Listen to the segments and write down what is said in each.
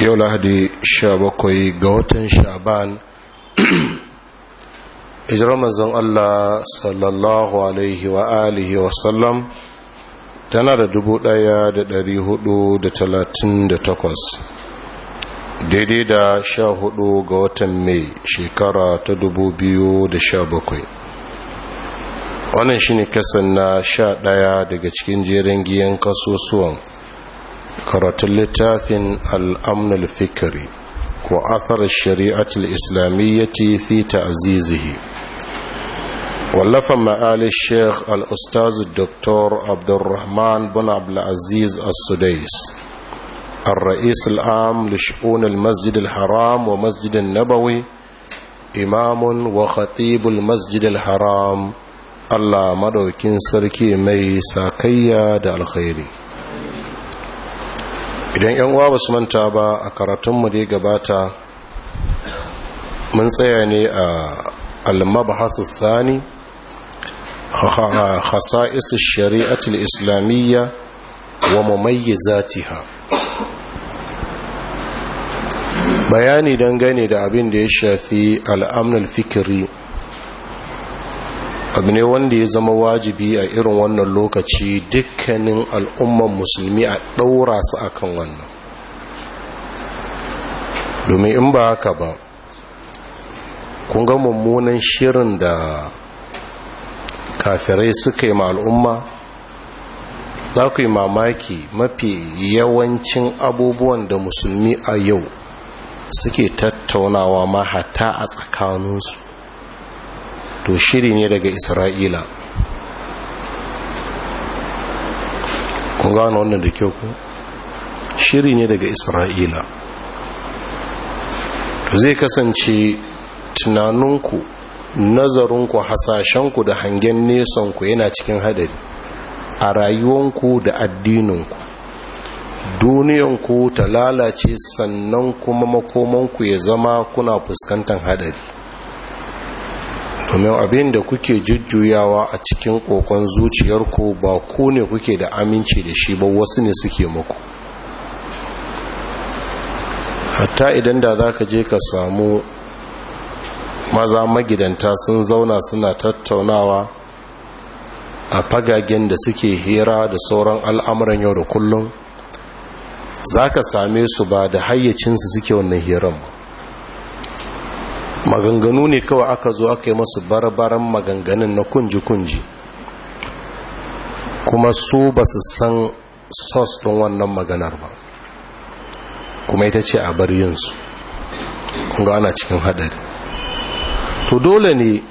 yau lahadi bakwai ga watan sha'ban ijirar manzan Allah sallallahu alaihi wa alihi wasallam tana da dubu da da da dari hudu talatin takwas, daidai da sha hudu ga watan mai shekara ta dubu biyu da sha bakwai. wannan shine kasan na sha ɗaya daga cikin jerin giyan kasusuwan karatun littafin al'amnul fikiri wa athar shari'atul islamiyyati fi ta'zizihi wallafa ma'ali sheikh al-ustaz dr abdurrahman bin abdulaziz as-sudais الرئيس العام لشؤون المسجد الحرام Nabawi, النبوي wa وخطيب المسجد الحرام Allah madaukin sarki mai sakayya da alkhairi idan yan uwa basu manta ba a karatunmu da ya gabata mun tsaya ne a al-mabhasu thani khasa'is ash-shari'ah al-islamiyyah wa mumayyizatiha bayani dangane da abin da ya shafi al-amn al-fikri abu ne wanda ya zama wajibi a irin wannan lokaci dukkanin al'umman musulmi a ɗaura su akan wannan domin in ba haka ba kun ga mummunan shirin da kafirai suka yi ma al'umma za ku yi mamaki mafi yawancin abubuwan da musulmi a yau suke tattaunawa ma hata a tsakaninsu to shiri ne daga isra'ila kun gano wannan da kyau ku shiri ne daga isra'ila to zai kasance tunaninku nazarinku hasashenku da hangen nesanku yana cikin hadari a rayuwanku da addininku duniyanku ta lalace sannan kuma makomanku ya zama kuna fuskantar hadari domin abin da kuke jujjuyawa a cikin kokon zuciyarku ba ku ne kuke da aminci da shi ba wasu ne suke muku hatta idan da za ka je ka samu maza magidanta sun zauna suna tattaunawa a fagagen da suke hira da sauran al'amuran yau da kullum za ka same su ba da hayyacinsu suke wannan hiran mu maganganu ne kawai aka zo aka yi masu barbaran maganganun na kunji-kunji kuma su ba su san sos don wannan maganar ba kuma ita ce a bar yinsu kunga ana cikin hadari. to dole ne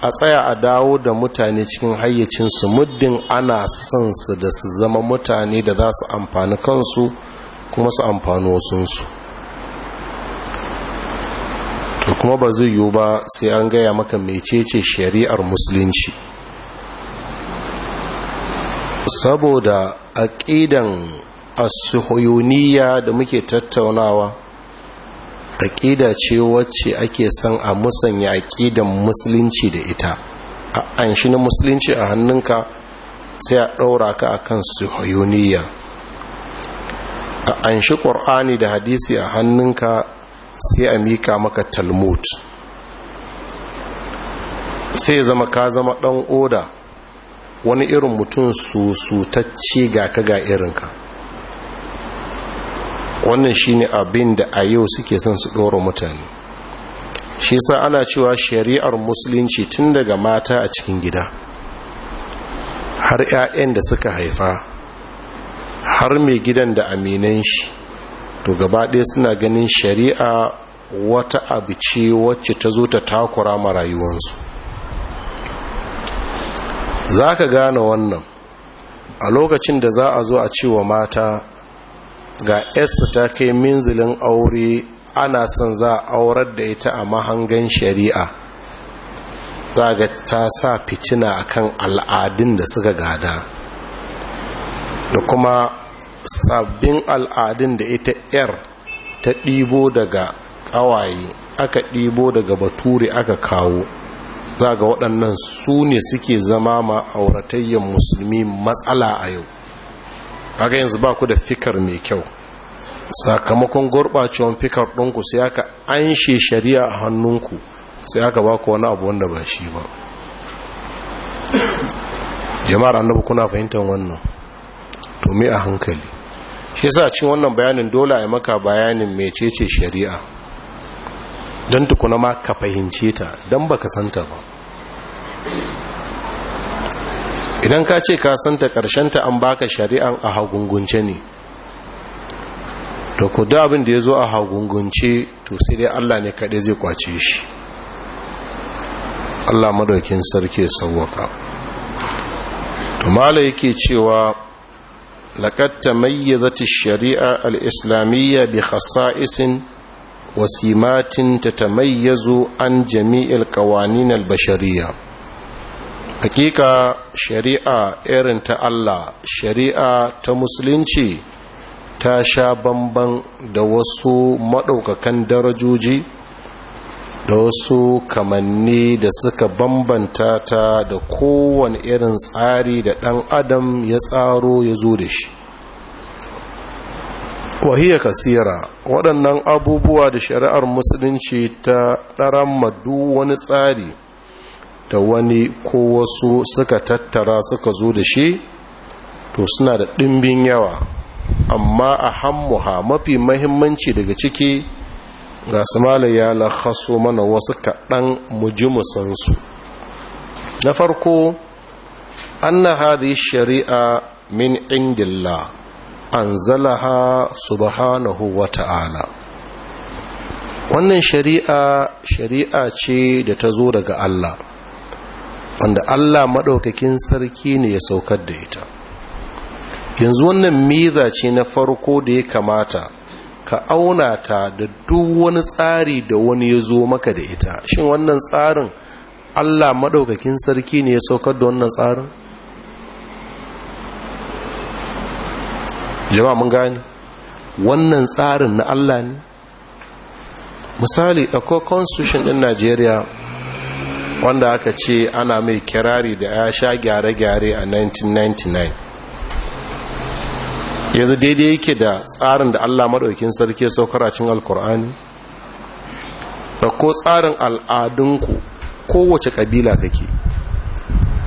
a tsaya a dawo da mutane cikin hayyacinsu muddin ana son su da su zama mutane da za su amfani kansu kuma su amfani wasunsu kuma ba zai yiwu ba sai an gaya maka mecece shari'ar musulunci saboda aƙidan asuhuyuniya da muke tattaunawa aƙida ce wacce ake son a musanya aƙidan musulunci da ita a anshi na musulunci a hannunka sai a ɗaura ka a kan suhuyuniya a anshi ƙur'ani da hadisi a hannunka sai a mika maka talmud sai zama ka zama ɗan oda wani irin mutum susutacce ga ka ga irinka wannan shine abin da a yau suke son su ɗora mutane shi sa ana cewa shari'ar musulunci tun daga mata a cikin gida har 'ya'yan da suka haifa har mai gidan da aminan shi to gaba ɗaya suna ganin shari'a wata abu ce wacce ta zo ta takura ma rayuwarsu za ka gane wannan a lokacin da za a zo a cewa mata ga yarsa ta kai minzilin aure ana son za a aurar da ita a mahangan shari'a za ga ta sa fitina akan al'adun da suka gada da kuma sabbin al'adun da ita yar ta ɗibo daga ƙawaye aka ɗibo daga bature aka kawo za ga waɗannan su ne suke zama ma auratayyar musulmi matsala a yau kaga yanzu ba ku da fikar mai kyau sakamakon gurɓacewar fikar ɗinku sai aka anshe shari'a a hannunku sai aka ba ku wani abu wanda ba shi ba jama'ar annabu kuna fahimtar wannan to a hankali shi yasa cin wannan bayanin dole a maka bayanin mai mecece shari'a don tukuna ma ka fahimce ta don baka santa ba idan ka ce ka santa ta an baka shari'an a hagungunce ne da ku abin da ya zo a hagungunce to sai dai allah ne kaɗai zai kwace shi allah madaukin sarki ya sauwaka to mala yake cewa لقد تميزت الشريعة الإسلامية بخصائص وسمات تتميز عن جميع القوانين البشرية حقيقة شريعة إيرن تألا شريعة تمسلنشي تاشا بمبن دوسو مدوك كان درجوجي da wasu kamanni da suka bambanta ta da kowane irin tsari da ɗan adam ya tsaro ya zo da shi wahiyar kasira waɗannan abubuwa da shari'ar musulunci ta ɗaran madu wani tsari da wani ko wasu suka tattara suka zo da shi to suna da ɗimbin yawa amma a hammuha mafi mahimmanci daga ciki ga su ya lakhaso mana wasu kaɗan mu ji musansu na farko anna hadi shari'a min ingila anzalaha subhanahu wa ta'ala wannan shari'a shari'a ce da ta zo daga Allah wanda Allah maɗaukakin sarki ne ya saukar da ita yanzu wannan miza ce na farko da ya kamata ka auna ta da duk wani tsari da wani ya zo maka da ita shin wannan tsarin allah maɗaukakin sarki ne ya saukar da wannan tsarin jama'a mun gani wannan tsarin na allah ne misali akwai constitution ɗin najeriya wanda aka ce ana mai kirari da ya sha gyare-gyare a 1999 yanzu daidai yake da tsarin da allah maɗaukin sarki saukar a alkur'ani da ko tsarin al'adunku kowace ƙabila kake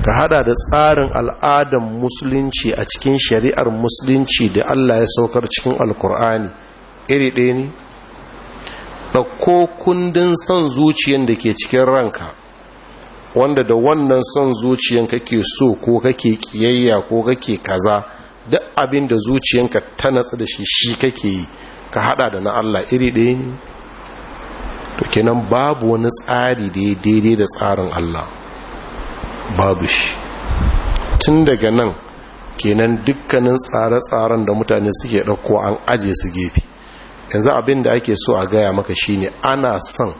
ka hada da tsarin al'adan musulunci a cikin shari'ar musulunci da allah ya saukar cikin alkur'ani iri ɗaya ne ɗauko kundin son zuciyar da ke cikin ranka wanda da wannan son zuciyan kake so ko kake ƙiyayya ko kake kaza duk abin da zuciyanka ta natsu da shi shi kake yi ka hada da na Allah iri ɗaya ne to kenan babu wani tsari da ya daidai da tsarin Allah babu shi tun daga nan kenan dukkanin tsare-tsaren da mutane suke ɗauko an aje su gefe yanzu abin da ake so a gaya maka shi ne ana son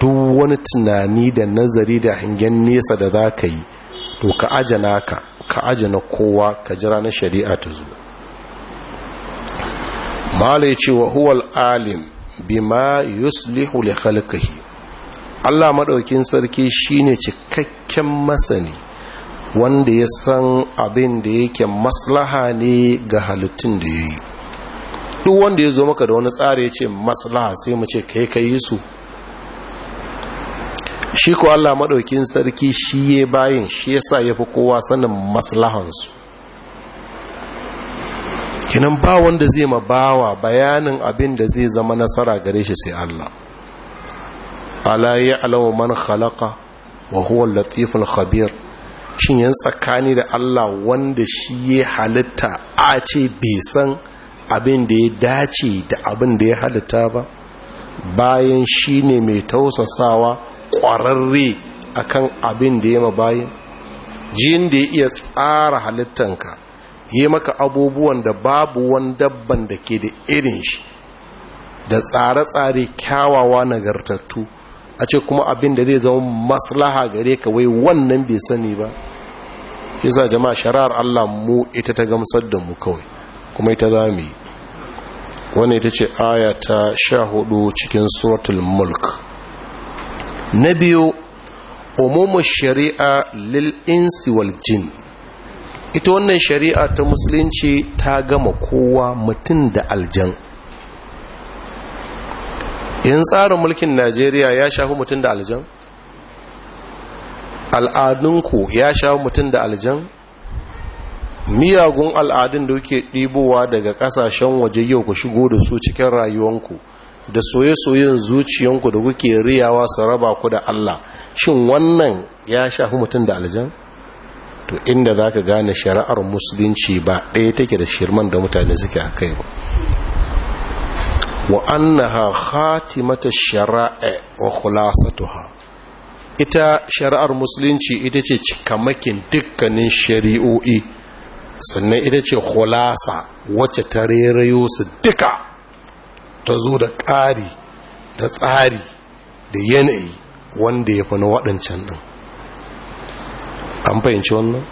duk wani tunani da nazari da hangen nesa da za ka yi to ka aje naka ka aje na kowa ka jira na shari'a ta zo mala ce wa huwal alim bima yuslihu li khalqihi Allah maɗaukin sarki shine cikakken masani wanda ya san abin da yake maslaha ne ga halittun da yayi duk wanda ya zo maka da wani tsari ya ce maslaha sai mu ce kai ka su shi ko Allah maɗaukin sarki shi ya bayin shi ya sa ya fi kowa sanin maslahansu kinan ba wanda zai ma bawa bayanin abin da zai zama nasara gare shi sai Allah ala ya alamu man khalaqa wa huwa latiful khabir shin yan tsakani da Allah wanda shi ya halitta a ce bai san abin da ya dace da abin da ya halitta ba bayan shi ne mai tausasawa a kan abin da ya ma bayan, jin da ya iya tsara halittanka yi maka abubuwan da babu wani dabban da ke da irin shi da tsare-tsare kyawawa nagartattu a ce kuma abin da zai zama maslaha gare ka wai wannan bai sani ba yasa jama'a shari'ar Allah mu ita ta gamsar da mu kawai kuma ita za mu yi Wani ita ce aya sha hudu cikin suratul mulk na biyu umumu shari'a lil insi jin ita wannan shari'a ta musulunci ta gama kowa mutum da aljan yin tsarin mulkin najeriya ya shafi mutum da aljan al'adunku ya shafi mutum da aljan miyagun al'adun da kuke ɗibowa daga ƙasashen waje yau ku shigo da su cikin rayuwanku da soye-soyen zuciyanku da kuke riyawa su raba ku da Allah shin wannan ya shafi mutum da aljan to inda za ka gane shari'ar musulunci ba ɗaya take da shirman da mutane suke a kai ba wa hatimata mata shari'a wa khulasatuha ita shari'ar musulunci ita ce cikamakin dukkanin shari'o'i sannan ita ce sa wacce ta rairayo su duka ta zo da ƙari da tsari da yanayi wanda ya fi na waɗancan ɗin an fahimci wannan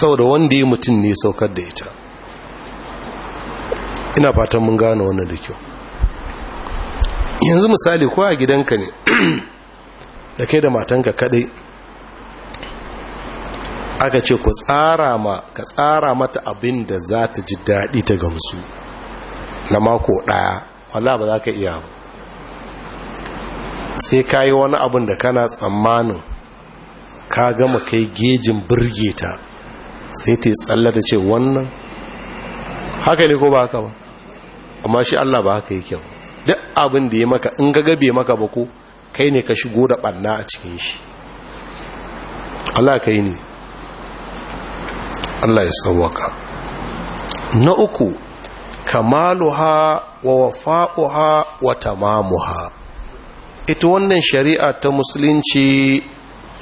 Sau da wanda ya mutum ne saukar da ita ina fatan mun gane wannan da kyau yanzu misali ko a gidanka ne da kai da matanka kaɗai, aka ce ku tsara ma ka tsara mata abin da za ta ji daɗi ta gamsu na mako ɗaya wala ba za ka iya ba sai ka yi wani abin da kana tsammanin ka gama kai gejin birge ta sai ta yi tsalla da ce wannan haka ne ko ba haka ba amma shi Allah ba haka yi kyau. duk abin da ya maka in ga gabe maka ba ko kai ne ka shigo da ɓanna a cikin shi Allah kai ne Allah ya sauwaka na uku kamaluha wa wafa'uha wa tamamuha ita wannan shari'a ta musulunci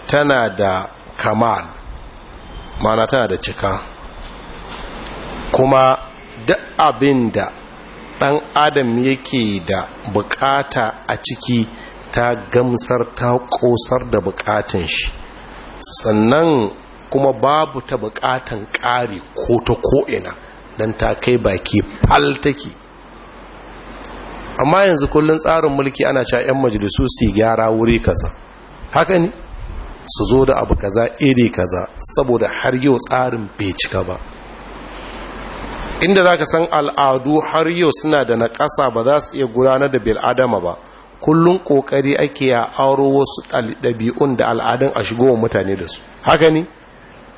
tana da kamal mana tana da cika kuma duk abin da ɗan adam yake da bukata a ciki ta gamsar ta ƙosar da bukatun shi sannan kuma babu ta bukatan ƙari ko ta ko'ina don ta kai baki fal take amma yanzu kullum tsarin mulki ana cewa 'yan majalisu su gyara wuri kaza haka ne su zo da abu kaza iri kaza saboda har yau tsarin bai cika ba inda za ka san al'adu har yau suna da na ƙasa ba za su iya gudanar da bil'adama ba kullun ƙoƙari ake ya auro wasu ɗabi'un da al'adun a shigowa mutane da su haka ne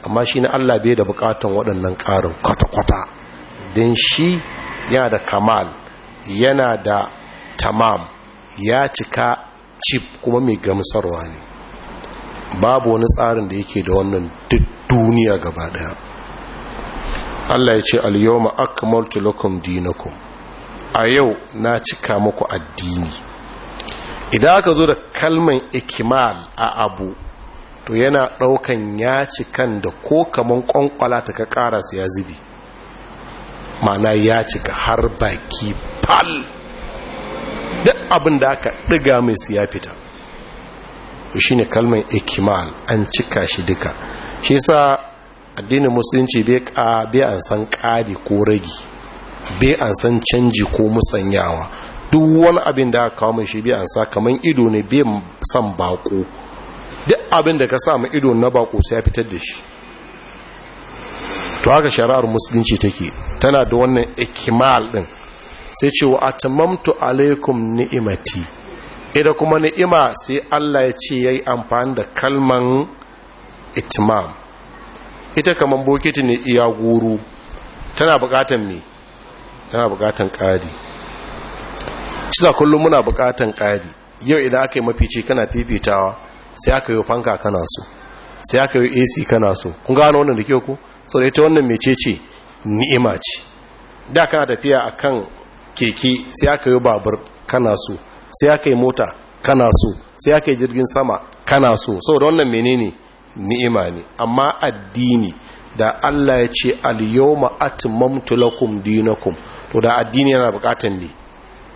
amma shi na allah bai da buƙatan waɗannan ƙarin kwata-kwata don shi yana da kamal yana da tamam ya cika cif kuma mai gamsarwa ne babu wani tsarin da yake da wannan duk duniya gaba daya Allah ya ce al-yawma akmaltu lakum a yau na cika muku addini idan aka zo da kalman ikimal a abu to yana daukan ya cikan da ko kamar kwankwala ta ka karasa ya zubi mana ya cika har baki fal duk abin da aka ɗiga mai su ya fita shi ne kalmar ikimal an cika shi duka shi sa addinin musulunci bai an san ƙari ko ragi bai an san canji ko musanyawa duk wani abin da aka kawo mai shi bai an sa kamar ido ne bai san bako duk abin da ka sa ido na bako sai ya fitar da shi to haka shari'ar musulunci take tana da wannan ikimal din sai ce wa atamamtu alaikum ni'imati ida kuma ni'ima sai Allah ya ce yayi amfani da kalman itmam ita kaman bokiti ne iya guru tana bukatan me tana bukatan kadi shi kullum muna bukatan kadi yau idan aka yi mafici kana fifitawa sai aka yi fanka kana so sai aka yi AC kana so kun gano wannan da ke ku so da ita wannan mecece ni'ima ce da kana tafiya a kan keke sai aka yi babur kana so sai aka yi mota kana so sai aka yi jirgin sama kana so so da wannan menene ni'ima ne amma addini da Allah ya ce aliyoma yawma lakum dinakum to da addini yana bukatan ne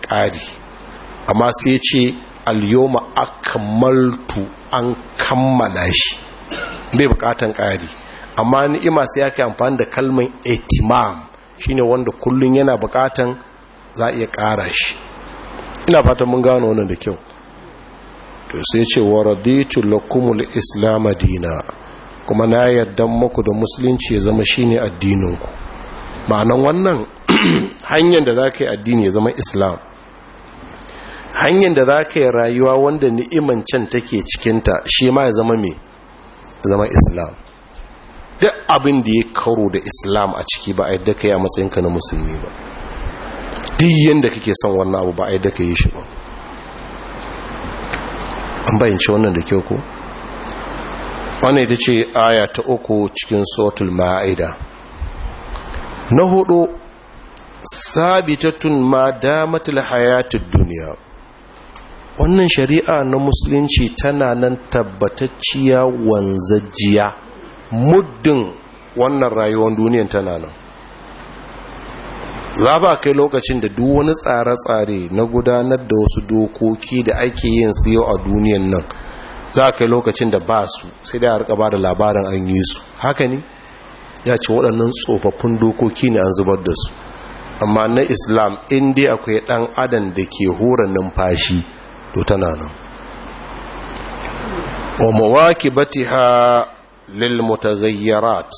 ƙari amma sai ce aliyoma akamaltu akmaltu an kammala shi bai bukatan ƙari amma ni'ima sai yake amfani da kalman itimam shine wanda kullun yana bukatan za a iya kara shi ina fata mun gano wannan da kyau to sai ce wa raditu lakumul islam dina kuma na yarda muku da musulunci ya zama shine addinin ku ma'anan wannan hanyar da zaka yi addini ya zama islam hanyar da zaka yi rayuwa wanda ni'iman can take cikinta shi ma ya zama me zama islam duk abin da ya karo da islam a ciki ba a yadda ka yi a matsayinka na musulmi ba duk yadda kake son wannan abu ba a yadda ka yi shi ba an bayyance wannan da kyau ko wannan ita ce aya ta uku cikin sotul ma'aida na hudu sabitattun ma damatul hayatid duniya wannan shari'a na musulunci tana nan tabbatacciya wanzajjiya muddin wannan rayuwar duniyan tana nan za ba kai lokacin da duk wani tsare-tsare na gudanar da wasu dokoki da ake yin siyo a duniyan nan za kai lokacin da ba su sai da arka ba da labarin an yi su haka ne ya ce waɗannan tsofaffin dokoki ne an zubar da su amma na islam inda akwai ɗan adam da ke hura numfashi to tana nan wa mawaki batiha lil mutaghayyirat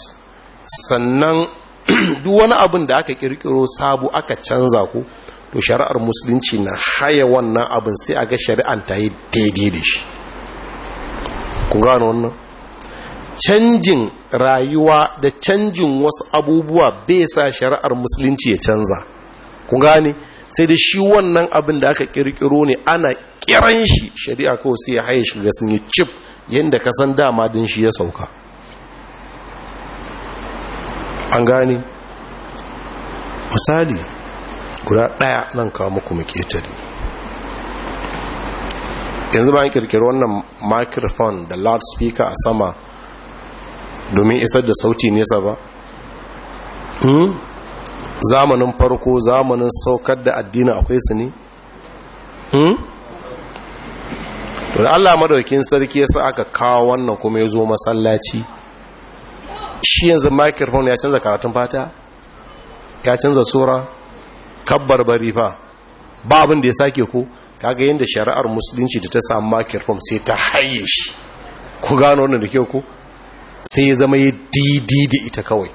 sannan duk wani abin da aka kirkiro sabu aka canza ku to shari'ar musulunci na haya wannan abin sai a shari'an ta yi daidai da shi ku gano wannan canjin rayuwa da canjin wasu abubuwa bai sa shari'ar musulunci ya canza ku gane sai da shi wannan abin da aka kirkiro ne ana kiran shi shari'a kawai sai ya haye shi ga sun yi cif yadda kasan dama din shi ya sauka an gane misali guda ɗaya zan kawo muku mu yanzu bayan kirkiri wannan microphone da loudspeaker a sama domin isar da sauti nesa ba hmm? zamanin farko zamanin saukar da addini akwai su ne hmm? to da allah madaukin sarki ya sa aka kawo wannan kuma ya zo masallaci shi yanzu microphone ya canza karatun fata ya canza sura kabbar bari fa ba abin da ya sake ko kaga yadda shari'ar musulunci da ta samu microphone sai ta haye shi ku gano wannan da ke ku. sai ya zama ya didi ita kawai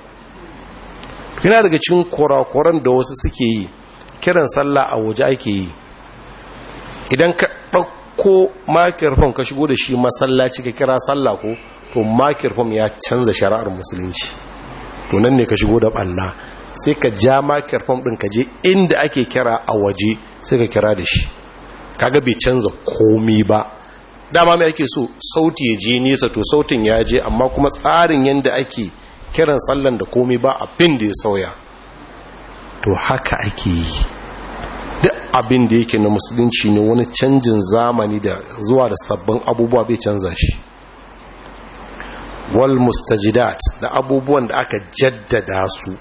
yana daga cikin kurakuran da wasu suke yi kiran sallah a waje ake yi idan ka ɗauko makirfon ka shigo da shi masallaci ka kira sallah ko to makirhum ya canza shari'ar musulunci to ne ka shigo da balla sai ka ja makirhum ɗin ka je inda ake kira a waje sai ka kira da shi kaga bai canza komi ba dama mai ake so sauti ya je nesa to sautin ya je amma kuma tsarin yadda ake kiran tsallan da komi ba abin da ya sauya to haka ake yi duk abin da yake na musulunci ne wani canjin zamani da zuwa da sabbin abubuwa bai canza shi wal mustajidat da abubuwan da aka jaddada su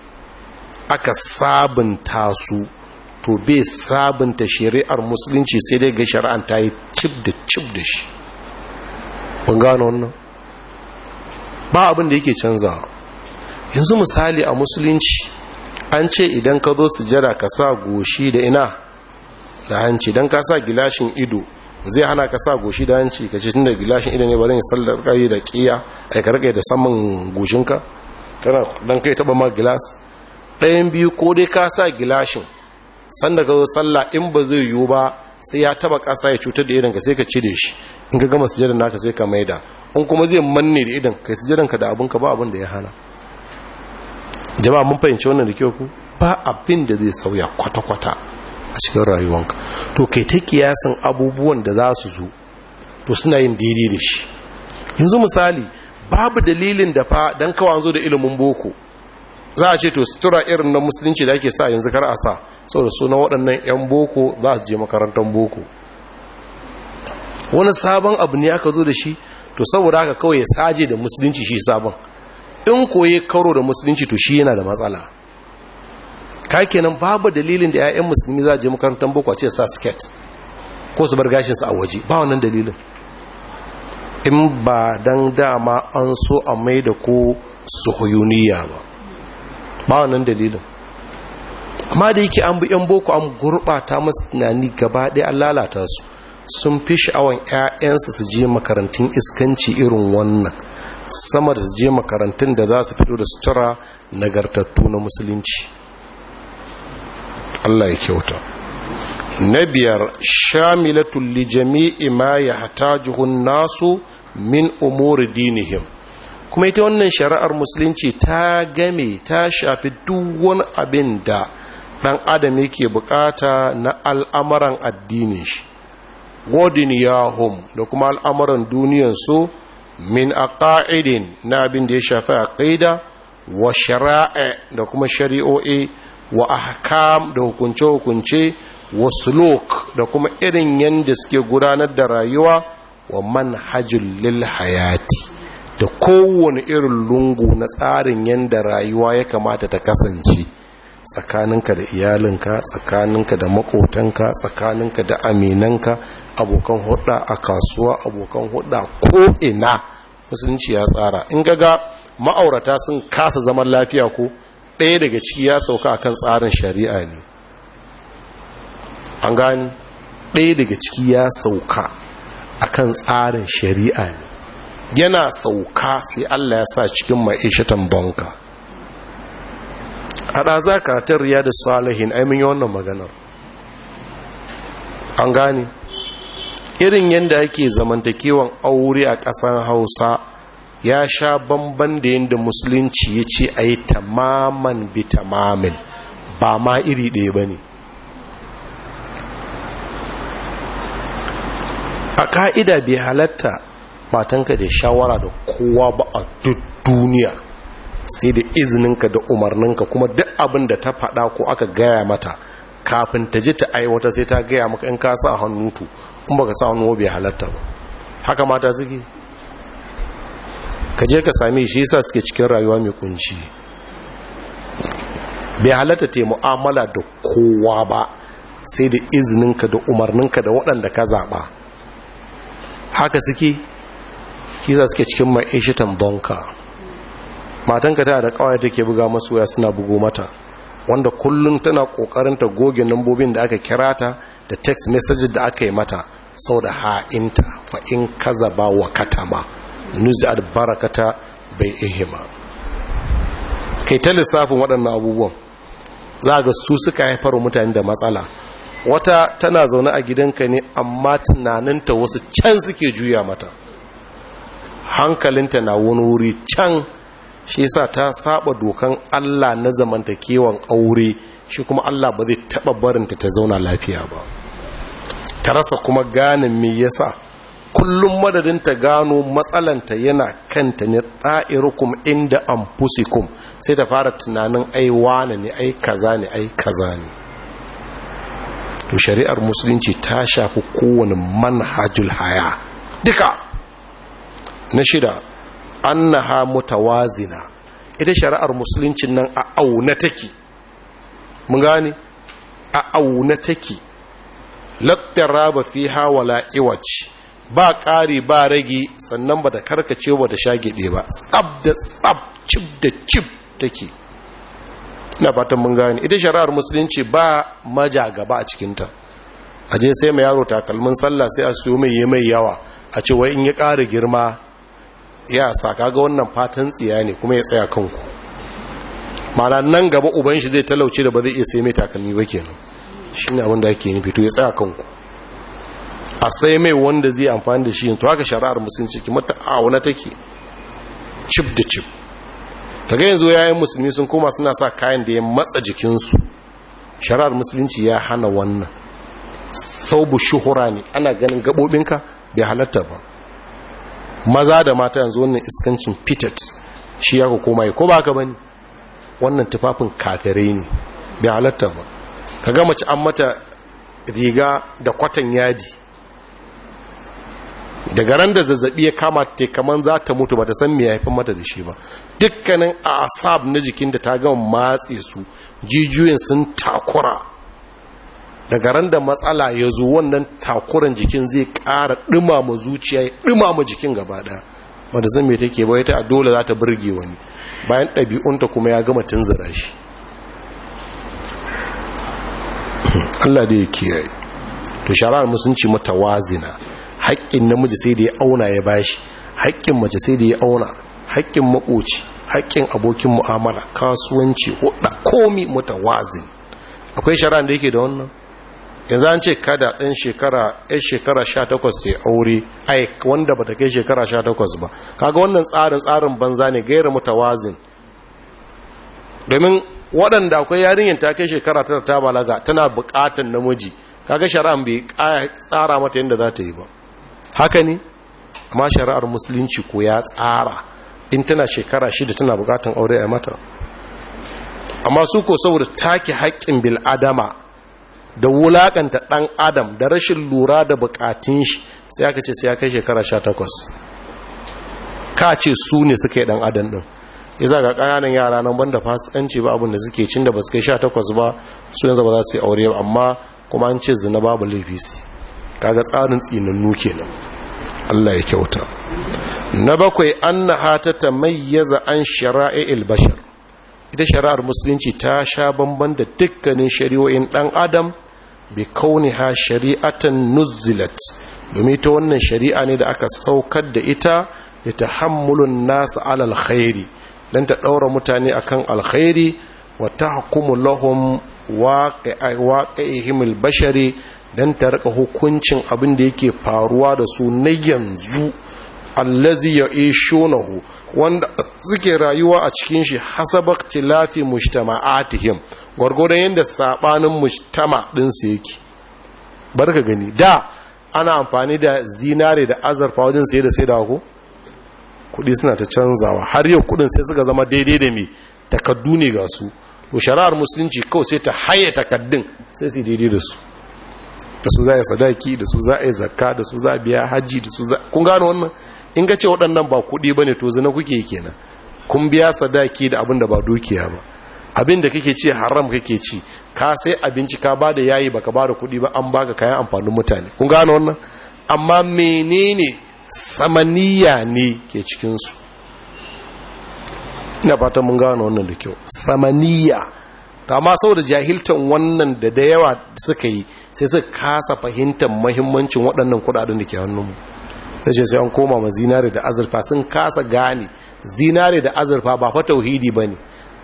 aka sabunta su to bai sabunta shari'ar musulunci sai dai ga shari'an ta yi cib da cib da shi ban gano wannan ba abin da yake canzawa yanzu misali a musulunci an ce idan ka zo sujada ka sa goshi da ina da hanci don ka sa gilashin ido zai hana ka sa goshi da hanci ka ce tunda da gilashin idan ne ba zan sallar kayi da kiya ai ka rage da saman goshinka kana dan kai taba ma gilas ɗayan biyu ko dai ka sa gilashin sanda ka zo sallah in ba zai yiwu ba sai ya taba kasa ya cutar da idan ka sai ka cire shi in ka gama sujadar naka sai ka maida in kuma zai manne da idan kai sujadan ka da abun ka ba abun da ya hana jama'a mun fahimci wannan da kyau ku ba abin da zai sauya kwata-kwata a cikin rayuwanka to kai ta kiyasin abubuwan da za su zo to suna yin daidai da shi yanzu misali babu dalilin da fa don kawo zo da ilimin boko za a ce to sutura irin na musulunci da ake sa yanzu kar a sa saboda suna waɗannan 'yan boko za su je makarantar boko wani sabon abu ne aka zo da shi to saboda haka kawai ya saje da musulunci shi sabon in koye karo da musulunci to shi yana da matsala ka kenan babu dalilin da 'ya'yan musulmi za a je makarantar boko a ce sa skirt ko su bar gashinsu a waje ba wannan dalilin in ba dan dama an so a mai da ko huyuniya ba ba wannan dalilin amma da yake an bi 'yan boko an gurɓata masu tunani gaba ɗaya an lalata su sun fi sha'awan 'ya'yansu su je makarantun iskanci irin wannan sama da su je makarantun da za su fito da sutura nagartattu na musulunci Allah ya kyauta na biyar shamilatul li jami'i ma yahtajuhun nasu min umuri dinihim kuma ita wannan shari'ar musulunci ta game ta shafi duk wani abin da ɗan adam yake bukata na al'amuran addinin shi wadin yahum da kuma al'amuran duniyansu min ƙa'idin na abin da ya shafi aqida wa shara'a da kuma shari'o'i wa ahkam da hukunce-hukunce wa suluk da kuma irin yadda suke gudanar da rayuwa wa manhajin lil hayati da kowane irin lungu na tsarin yadda rayuwa ya kamata ta kasance tsakaninka da iyalinka tsakaninka da makotanka tsakaninka da aminanka abokan hudda a kasuwa abokan hudda ko ina musulunci ya tsara in gaga ma'aurata sun kasa zaman lafiya ko ɗaya daga ciki ya sauka akan tsarin shari'a ne an gani ɗaya daga ciki ya sauka akan tsarin shari'a ne yana sauka sai Allah ya sa cikin ma'ishatan banka a ɗaza riya da salihin aimin yi wannan maganar an gani irin yadda ake zamantakewan aure a ƙasar hausa ya sha bamban da yadda musulunci ya ce a yi tamaman bi tamamin ba ma iri ɗaya ba ne a ƙa'ida bai halatta matanka da shawara da kowa ba a duk duniya sai da izininka da umarninka kuma duk abin da ta faɗa ko aka gaya mata kafin ta ji ta aiwata sai ta gaya maka in ka sa hannu kuma in ka sa hannu bai halatta ba haka mata suke ka je ka sami shi yasa suke cikin rayuwa mai kunci bai halatta te mu'amala da kowa ba sai da izininka da umarninka da waɗanda ka zaɓa haka suke yasa suke cikin banka. Matan matanka tana da kawai take buga masu waya suna bugo mata wanda kullum tana kokarin ta goge lambobin da aka kira ta da text message da aka yi mata sau da ha'inta fa in kaza ba wa katama nuzar barakata bai ihima kai ta lissafin waɗannan abubuwan za ga su suka haifar mutane da matsala wata tana zaune a gidanka ne amma tunaninta wasu can suke juya mata hankalinta na wani wuri can shi sa ta saba dokan allah na zamantakewan aure shi kuma allah ba zai taɓa barinta ta zauna lafiya ba ta rasa kuma ganin me yasa kullum madadin ta gano matsalanta yana kanta ne tsa'irukum inda an fusikum sai ta fara tunanin ai wane ne ai kaza ne ai kaza ne to shari'ar musulunci ta shafi kowane manhajul haya duka na shida annaha mutawazina ita shari'ar musulunci nan a auna take mun gane a auna take Laɓɓin raba fi hawa iwaci ba ƙari ba ragi sannan ba da karkace wa da shagide ba tsab da tsab cib da cib take ina fatan mun gane ita shari'ar musulunci ba maja gaba a cikinta a je sai mai yaro takalmin sallah sai a siyo mai mai yawa a ce wai in ya ƙara girma ya sa kaga wannan fatan tsiya ne kuma ya tsaya kanku mana nan gaba uban shi zai talauce da ba zai iya sai mai takalmi ba kenan shine abin da ake nufi fito ya tsaya kanku a sai mai wanda zai amfani da shi to haka shari'ar musulunci ki mata auna take chip da chip kaga yanzu yayin musulmi sun koma suna sa kayan da ya matsa jikinsu shari'ar musulunci ya hana wannan saubu shuhura ne ana ganin gabobinka bai halatta ba maza da mata yanzu wannan iskancin pitet shi ya koma ko ba ka bane wannan tufafin kafirai ne bai halatta ba kaga mace an mata riga da kwatan yadi daga ran da zazzabi ya kama ta kaman za ta mutu ba ta san me ya haifin mata da shi ba dukkanin asab na jikin da ta gama matse su jijiyoyin sun takura daga ran da matsala ya zo wannan takuran jikin zai ƙara ɗumama zuciya ya ɗumama jikin gaba ɗaya ba ta san me take ba a dole za ta burge wani bayan ɗabi'unta kuma ya gama tunzura shi Allah da ya kiyaye to shari'ar musunci mata wazina haƙƙin namiji sai da ya auna ya bashi haƙƙin mace sai da ya auna haƙƙin makoci haƙƙin abokin mu'amala kasuwanci hudda komi mutawazi akwai shari'a da yake da wannan yanzu an ce kada ɗan shekara ɗan shekara 18 ta aure ai wanda ba ta kai shekara 18 ba kaga wannan tsarin tsarin banza ne gaira mutawazin domin waɗanda akwai yarinyar ta kai shekara tara ta balaga tana buƙatar namiji kaga shari'a bai tsara mata yadda za ta yi ba haka ne amma shari'ar musulunci ko ya tsara in tana shekara shida tana bukatan aure a mata amma su ko saboda take haƙƙin bil'adama da wulaƙanta ɗan adam da rashin lura da bukatun shi sai aka ce sai aka shekara sha takwas ka ce su ne suka yi ɗan adam ɗin ya za ga ƙananan yara nan banda fasikanci ba abin da suke cin da ba su kai sha takwas ba su yanzu ba za su yi aure amma kuma an ce zina babu laifi kaga tsarin tsinannu kenan Allah ya kyauta na bakwai annaha ta tamayyaza an shara'il bashar ita shari'ar musulunci ta sha bamban da dukkanin shari'o'in dan adam bi kauniha shari'atan nuzilat domin ta wannan shari'a ne da aka saukar da ita da tahammulun nasu alal khairi don ta ɗaura mutane akan alkhairi wa tahkumu lahum waqi'ihim albashari don ta rika hukuncin abin da yake faruwa da su na yanzu allazi ya ishonahu wanda suke rayuwa a cikin shi hasabar tilafi tihim gwargwadon yadda sabanin mujtama ɗinsu yake barka gani da ana amfani da zinare da azarfa wajen sai da sai da ku kudi suna ta canzawa har yau kudin sai suka zama daidai da mai takaddu ne ga su to shari'ar musulunci kawai sai ta haye takaddun sai su daidai da su da su za a yi sadaki da su za a yi zakka da su za a biya hajji da su za kun gano wannan in ka ce waɗannan ba kuɗi ba ne to zina kuke kenan kun biya sadaki da abin da ba dukiya ba abin da kake ci haram kake ci ka sai abinci ka ba da yayi baka ba da kuɗi ba an baka kayan amfanin mutane kun gano wannan amma menene samaniya ne ke cikinsu ina fata mun gano wannan da kyau samaniya amma saboda jahiltan wannan da da yawa suka yi sai su kasa fahimtar mahimmancin waɗannan kuɗaɗen da ke hannunmu ta ce sai an koma ma zinare da azurfa sun kasa gane zinare da azurfa ba fa tauhidi ba ne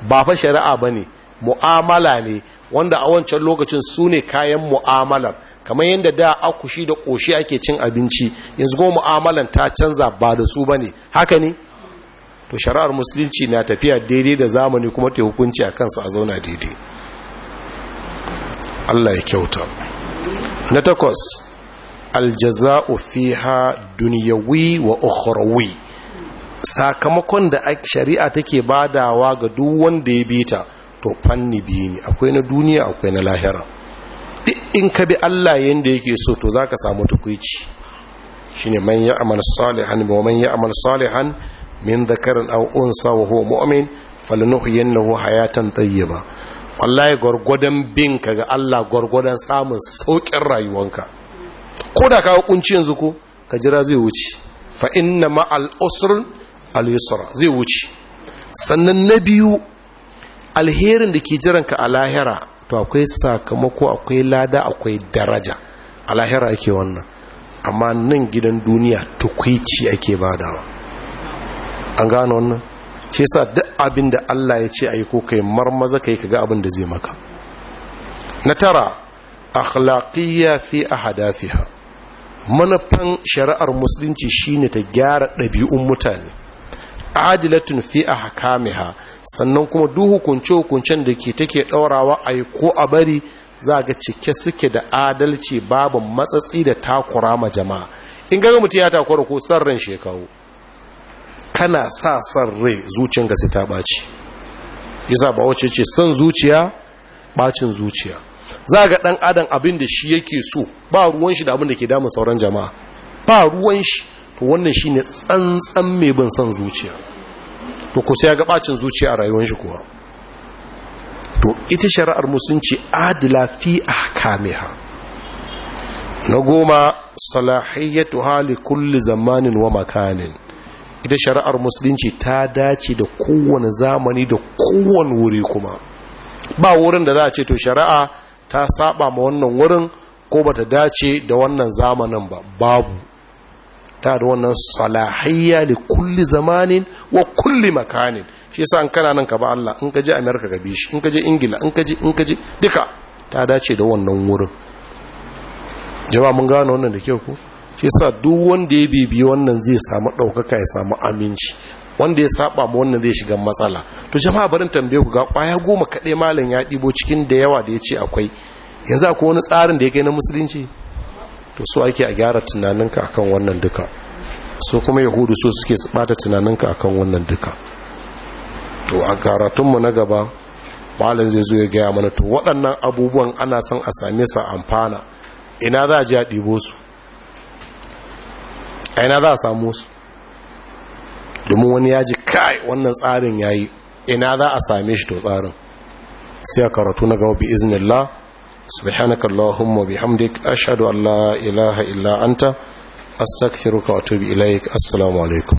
ba fa shari'a ba ne mu'amala ne wanda a wancan lokacin su ne kayan mu'amalar kamar yadda da akushi da ƙoshi ake cin abinci yanzu ko mu'amalan ta canza ba da su ba ne haka ne to shari'ar musulunci na tafiya daidai da zamani kuma ta hukunci a kansa a zauna daidai Allah ya kyauta na takwas aljaza'u fiha duniyawi wa ukhrawi sakamakon da shari'a take badawa ga duk wanda ya bita to fanni biyu ne akwai na duniya akwai na lahira duk in ka bi Allah yanda yake so to zaka samu tukuici shine man ya'mal salihan wa man ya'mal salihan min dhakarin aw unsa wa huwa mu'min falanuhyiyannahu hayatan ba. wallahi gwargwadon bin ka ga Allah gwargwadon samun saukin rayuwanka ko da ka kunci yanzu ko ka jira zai wuce fa inna ma al usr al zai wuce sannan na biyu alherin da ke jiranka a lahira to akwai sakamako akwai lada akwai daraja a lahira ake wannan amma nan gidan duniya tukwici ake badawa an gano wannan shi sa duk abin da Allah ya ce ayi ko kai marmaza kai kaga abin da zai maka na tara akhlaqiyya fi ahdathiha manufan shari'ar musulunci shine ta gyara ɗabi'un mutane adilatun fi ahkamiha sannan kuma duk hukunce hukuncen da ke take ɗaurawa ayi ko a bari za ga cike suke da adalci babu matsatsi da takura ma jama'a in ga mutum ya takura ko sarran shekaru kana sa san rai zuciyanka sai ta ɓaci isa ba wace ce san zuciya ɓacin zuciya za ga ɗan adam abin da shi yake so ba ruwan shi da abin da ke damun sauran jama'a ba ruwan shi to wannan shi ne tsantsan mai bin san zuciya to ku sai ga ɓacin zuciya a rayuwar shi kuwa to ita shari'ar musunci adila fi ahkamiha na goma salahiyyatu hali kulli zamanin wa makanin ita shari'ar musulunci ta dace da kowane zamani da kowane wuri kuma ba wurin da za a ce to shari'a ta saba ma wannan wurin ko ba ta dace da wannan zamanin ba babu ta da wannan salahayya da kulli zamanin wa kulli makanin shi yasa an kana nan ka ba Allah in ka je ka bi shi in ka Ingila in ka in ka duka ta dace da wannan wurin jama'a mun gano wannan da kyau ko shi sa duk wanda ya bibi wannan zai samu ɗaukaka ya samu aminci wanda ya saba ma wannan zai shiga matsala to jama'a barin tambaye ku ga kwaya goma kaɗai malam ya ɗibo cikin da yawa da ya ce akwai yanzu akwai wani tsarin da ya kai na musulunci to su ake a gyara tunaninka akan wannan duka so kuma yahudu su suke su bata tunaninka akan wannan duka to a karatunmu na gaba malam zai zo ya gaya mana to waɗannan abubuwan ana son a same su amfana ina za a ji a ɗibo su a ina za a samu su domin wani ya ji kai wannan tsarin ya yi ina za a same shi to tsarin sai a karatu na gaba bi iznillah subhanaka allahumma bihamdik ashadu an ilaha illa anta astaghfiruka wa atubu ilaik assalamu alaikum